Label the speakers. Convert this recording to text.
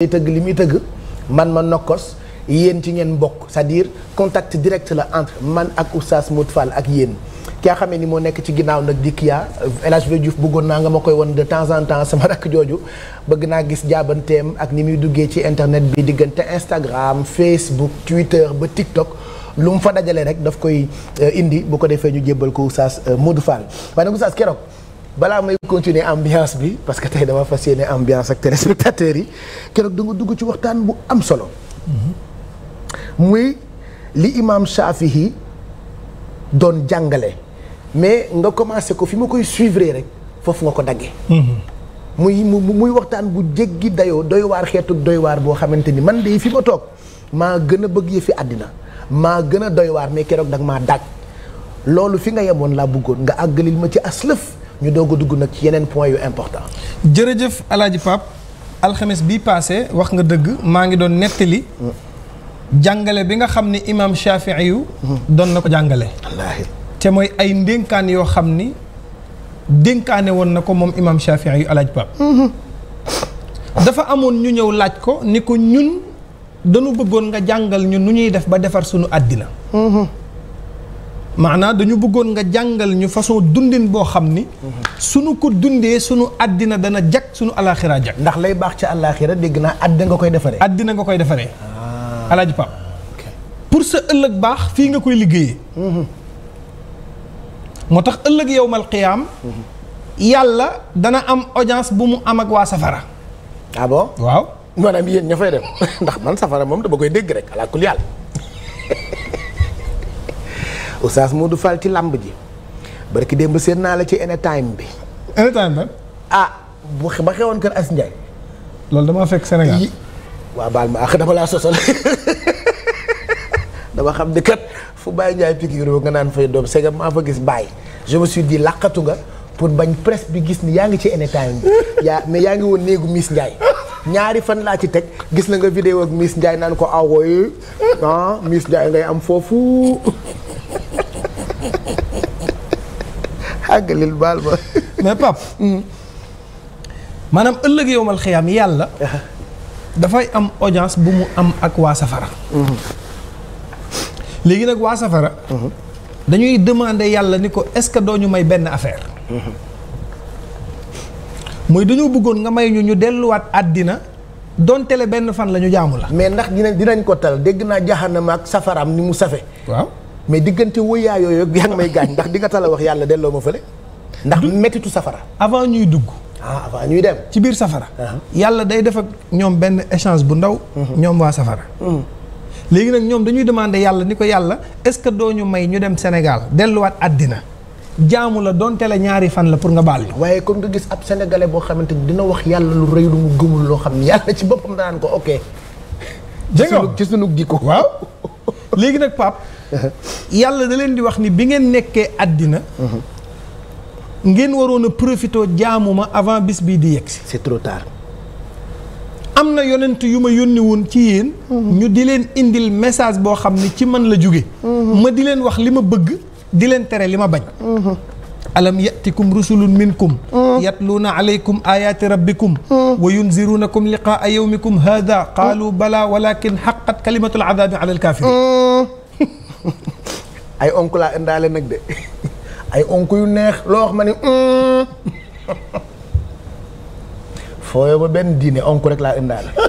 Speaker 1: day tëgg li muy tëgg man ma nokkos yéen ci ngeen bokk c'est-à-dire contact direct la entre man ak oustaz Modou Fall ak yéen ki nga xamee ni moo nekk ci ginnaaw nag di Kia El Hadj Diouf bëggoon naa nga ma koy won de temps en temps sama rakk jooju bëgg naa gis jaabanteem ak ni muy duggee ci internet bi diggante Instagram Facebook Twitter ba TikTok lu mu fa dajale rek daf koy euh, indi bu ko defee ñu jébbal ko oustaz euh, Modou Fall waaye nag oustaz keroog balaa may continuer ambiance bi parce que tey dama fas yéene ambiance ak téléspectateurs yi keroog da nga dugg ci waxtaan bu am solo. muy li imaam Shafi'i doon jàngale. mais nga commencé ko fi ma koy suivre rek foofu nga ko daggee. muy muy waxtaan bu jéggi dayoo doy waar xeetu doy waar boo xamante ni man de fi ma toog maa gën a bëgg yëfi àddina maa gën a doy mais keroog da nga maa daaj loolu fi nga yemoon laa bëggoon nga àggalil ma ci aslëf ñu doog dugg nag ci yeneen point yu important.
Speaker 2: jërëjëf El Hadj Pape alxames bii paase wax nga dëgg maa ngi doon nettali. jàngale bi nga xam ni imaam Shafii yu doon na ko jàngale. te mooy ay ndénkaan yoo xam ni dénkaane woon na ko moom imaam Shafii yu El Hadj Pape dafa amoon ñu ñëw laaj ko ni ko ñun dañu bëggoon nga jàngal ñu nu ñuy def ba defar sunu àddina. maanaa dañu bëggoon nga jàngal ñu façon dundin boo xam ni suñu ko dundee suñu àddina dana jag suñu alaaxira jag ndax lay baax ci alaaxira dégg naa àddina nga koy defaree àddina nga koy defaree ah. alaaji Pape pour sa ëllëg baax fii nga koy liggéeyee mm-hmm. moo tax ëllëg yowmal qiyaam
Speaker 1: yàlla dana am audience bu mu am ak waa safara ah bon waaw maanaam yéen ña fay dem ndax man safara moom dama koy dégg rek alaa kulli yàlla Oustaz Modou Fall ci làmb ji barki démb seen naa la ci anytime bi. anytime ba. ah bu ba xewoon kër As Ndiaye. loolu damaa fekk Sénégal yi. waa baal ma ak ah, dama laa sosal dama xam ne kat fu Baye Ndiaye pikiru nga naan fay doom segam maa gis Baye je me suis dit nga pour bañ presse bi gis ni yaa ngi ci anytime bi yaa mais yaa ngi woon néegu miis Ndiaye. ñaari fan laa ci teg gis na nga vidéo ak Miss Ndiaye naan ko awoy ah, ah Miss ngay am foofu. àggalil baal ba
Speaker 2: mais pap maanaam ëllëg yowmal xiyaam yàlla dafay am audience bu mu am ak waa safara léegi nag waa safara dañuy demander yàlla ni ko est-ce que doo ñu may benn affaire
Speaker 1: mooy dañoo bëggoon nga may ñu ñu delluwaat àddina doon tele benn fan la ñu jaamu la mais ndax dinañ dinañ ko tal dégg naa jaxanam ak safaraam ni mu safe waaw mais diggante wóyyaa yooyu ak yaa ngi may gaañ ndax di nga tala wax yàlla delloo ma fële. ndax mettitu safara. avant ñuy dugg. ah avant ñuy dem. ci biir safara. Ah. yàlla day def ñoom benn
Speaker 2: échange bu ndaw. Mm-hmm. ñoom waa safara. Mm. léegi nag ñoom dañuy demander yàlla ni ko yàlla est-ce que doo ñu may ñu dem Sénégal delluwaat àddina jaamu la donte la ñaari fan la pour nga baal
Speaker 1: ñu. waaye kon nga gis ab sénégalais boo xamante ni dina wax yàlla lu rëy lu mu gëmul loo xam ne yàlla ci boppam daan ko ok. ci sunu ci sunu jikko léegi nag Pape
Speaker 2: yàlla da leen di wax ni bi ngeen nekkee àddina ngeen waroon a profité jaamuma avant bis bii di yegsi si trop am na yonent yu ma yónni woon ci yéen ñu di leen indil message boo xam ne ci man la jóge mm-hmm. ma di leen wax li ma bëgg di leen tere li ma bañ mm-hmm. alam yatikum rusulun minkum hmm. yatluuna alaykum ayaati rabbikum hmm. wa yunzirunakum liqaa yawmikum hada hmm. qaalu bala walakin xaqat kalimatul adabi ala alkafirin
Speaker 1: ay onk laa indaale nag de ay onk yu neex loo wax ma ni fooyo ba benn diine onk rek laa indaale